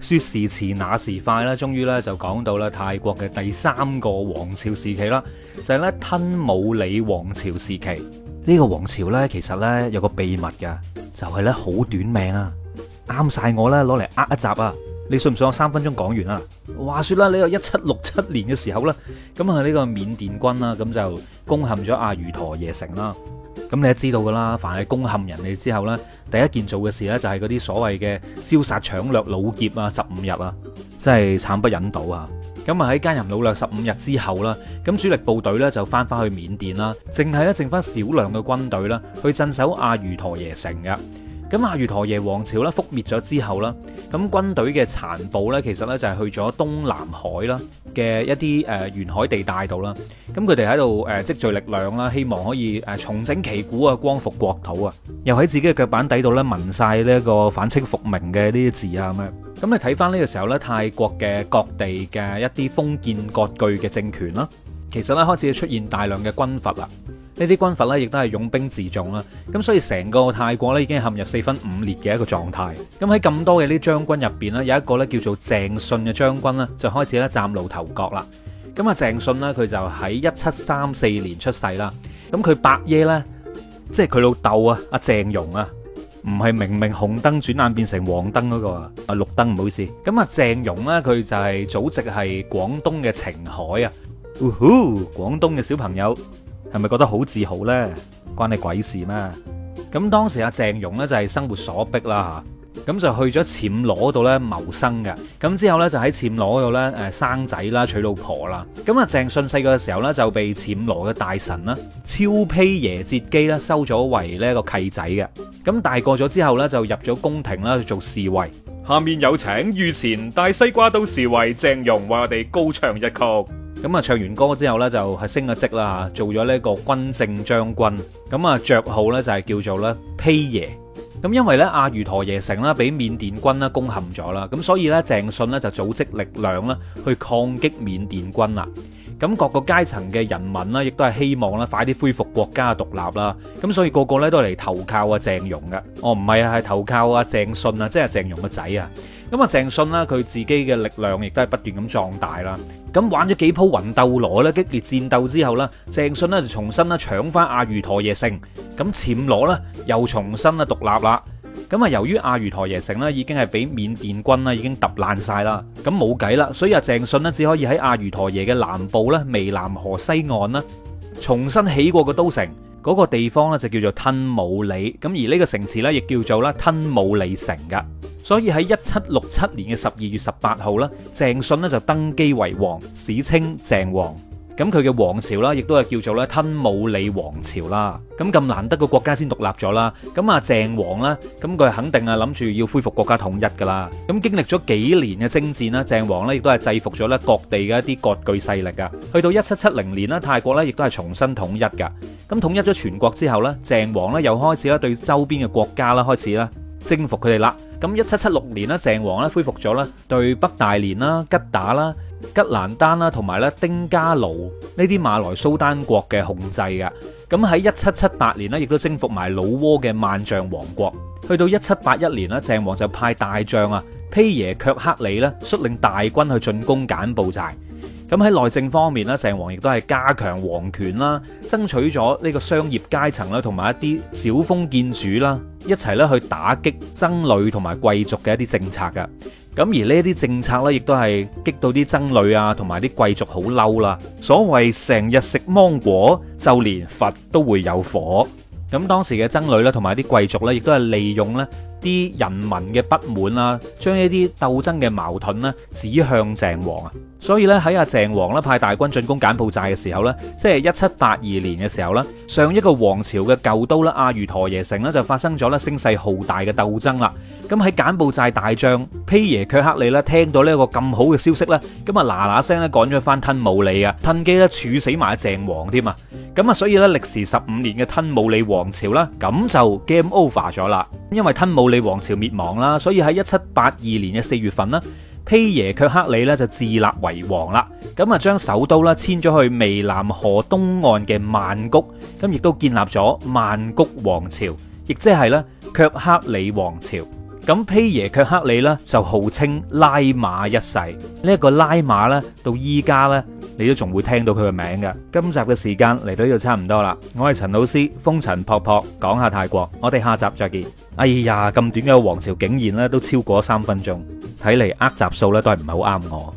說時遲，那時快啦，終於咧就講到咧泰國嘅第三個王朝時期啦，就係、是、咧吞武里王朝時期。呢、這個王朝咧其實咧有個秘密㗎，就係咧好短命啊，啱晒我咧攞嚟呃一集啊。你信唔信我三分鐘講完啊。話說啦，呢個一七六七年嘅時候啦，咁啊呢個緬甸軍啦，咁就攻陷咗阿如陀夜城啦。咁你都知道噶啦，凡係攻陷人哋之後呢，第一件做嘅事呢，就係嗰啲所謂嘅燒殺搶掠，掠、老劫啊，十五日啊，真係慘不忍睹啊！咁啊喺奸淫老掠十五日之後啦，咁主力部隊呢，就翻返去緬甸啦，淨係呢剩翻少量嘅軍隊啦，去鎮守阿瑜陀耶城嘅。咁阿瑜陀耶王朝咧覆滅咗之後啦，咁軍隊嘅殘部咧，其實咧就係去咗東南海啦嘅一啲誒沿海地帶度啦，咁佢哋喺度誒積聚力量啦，希望可以誒重整旗鼓啊，光復國土啊，又喺自己嘅腳板底度咧紋曬呢一個反清復明嘅呢啲字啊咁樣。咁你睇返呢個時候咧，泰國嘅各地嘅一啲封建割據嘅政權啦，其實咧開始出現大量嘅軍閥啦。呢啲軍閥咧，亦都係擁兵自重啦。咁所以成個泰國咧已經陷入四分五裂嘅一個狀態。咁喺咁多嘅呢將軍入邊咧，有一個咧叫做鄭信嘅將軍咧，就開始咧嶄露頭角啦。咁啊，鄭信咧，佢就喺一七三四年出世啦。咁佢伯爺咧，即係佢老豆啊，阿鄭容啊，唔係明明紅燈轉眼變成黃燈嗰個啊，綠燈唔好意思。咁啊，鄭容咧，佢就係祖籍係廣東嘅澄海啊，哦，廣東嘅小朋友。係咪覺得好自豪呢？關你鬼事咩？咁當時阿鄭容呢，就係生活所迫啦吓，咁就去咗暹羅度咧謀生嘅。咁之後咧就喺暹羅度咧誒生仔啦、娶老婆啦。咁阿鄭信細個嘅時候咧就被暹羅嘅大臣啦超披耶節基啦收咗為呢一個契仔嘅。咁大個咗之後咧就入咗宮廷啦做侍衛。下面有請御前大西瓜都侍衛鄭容為我哋高唱一曲。咁啊，唱完歌之後呢，就係升咗職啦，做咗呢一個軍政將軍。咁啊，爵號呢就係叫做咧披耶。咁因為呢，阿瑜陀耶城啦，俾緬甸軍啦攻陷咗啦，咁所以呢，鄭信呢，就組織力量呢，去抗擊緬甸軍啦。咁各個階層嘅人民呢，亦都係希望呢，快啲恢復國家獨立啦。咁所以個個呢，都嚟投靠啊鄭容嘅。哦，唔係啊，係投靠啊鄭信啊，即係鄭容個仔啊。咁啊，鄭信呢，佢自己嘅力量亦都係不斷咁壯大啦。咁玩咗幾鋪魂斗羅咧，激烈戰鬥之後呢，鄭信呢就重新啦搶翻阿瑜陀耶城。咁暹羅呢又重新啦獨立啦。咁啊，由於阿瑜陀耶城呢已經係俾緬甸軍啦已經揼爛曬啦，咁冇計啦，所以啊，鄭信呢，只可以喺阿瑜陀耶嘅南部呢，湄南河西岸啦，重新起過個都城。嗰、那個地方呢，就叫做吞武里，咁而呢個城市呢，亦叫做啦吞武里城噶。所以喺一七六七年嘅十二月十八號呢，鄭信呢就登基為王，史稱鄭王。咁佢嘅王朝啦，亦都係叫做咧吞武里王朝啦。咁咁難得個國家先獨立咗啦。咁啊鄭王呢，咁佢肯定係諗住要恢復國家統一㗎啦。咁經歷咗幾年嘅征戰啦，鄭王呢亦都係制服咗咧各地嘅一啲割據勢力㗎。去到一七七零年呢，泰國呢亦都係重新統一㗎。咁統一咗全國之後呢，鄭王呢又開始咧對周邊嘅國家啦開始咧征服佢哋啦。咁一七七六年咧，鄭王咧恢復咗咧對北大連啦、吉打啦、吉蘭丹啦同埋咧丁加奴呢啲馬來蘇丹國嘅控制嘅。咁喺一七七八年咧，亦都征服埋老撾嘅萬象王國。去到一七八一年咧，鄭王就派大將啊披耶卻克里咧率領大軍去進攻柬埔寨。咁喺內政方面咧，鄭王亦都係加強皇權啦，爭取咗呢個商業階層咧，同埋一啲小封建主啦，一齊咧去打擊僧侶同埋貴族嘅一啲政策㗎。咁而呢啲政策呢，亦都係激到啲僧侶啊，同埋啲貴族好嬲啦。所謂成日食芒果，就連佛都會有火。咁當時嘅僧侶咧，同埋啲貴族呢，亦都係利用咧。啲人民嘅不滿啦，將呢啲鬥爭嘅矛盾咧指向鄭王啊，所以咧喺阿鄭王咧派大軍進攻柬埔寨嘅時候咧，即係一七八二年嘅時候啦，上一個王朝嘅舊都啦阿如陀耶城咧就發生咗咧聲勢浩大嘅鬥爭啦。咁喺柬埔寨大將披耶卻克里咧聽到呢一個咁好嘅消息咧，咁啊嗱嗱聲咧趕咗翻吞武里啊，趁機咧處死埋阿鄭王添啊。咁啊，所以咧歷時十五年嘅吞武里王朝啦，咁就 game over 咗啦，因為吞武里王朝滅亡啦，所以喺一七八二年嘅四月份呢，披耶卻克里呢就自立為王啦，咁啊將首都啦遷咗去湄南河東岸嘅曼谷，咁亦都建立咗曼谷王朝，亦即係咧卻克里王朝。咁披耶卻克里呢，就號稱拉馬一世，呢一個拉馬呢，到依家呢，你都仲會聽到佢嘅名嘅。今集嘅時間嚟到呢度差唔多啦，我係陳老師，風塵僕僕講下泰國，我哋下集再見。哎呀，咁短嘅王朝竟然呢，都超過三分鐘，睇嚟，呃，集數呢都係唔係好啱我。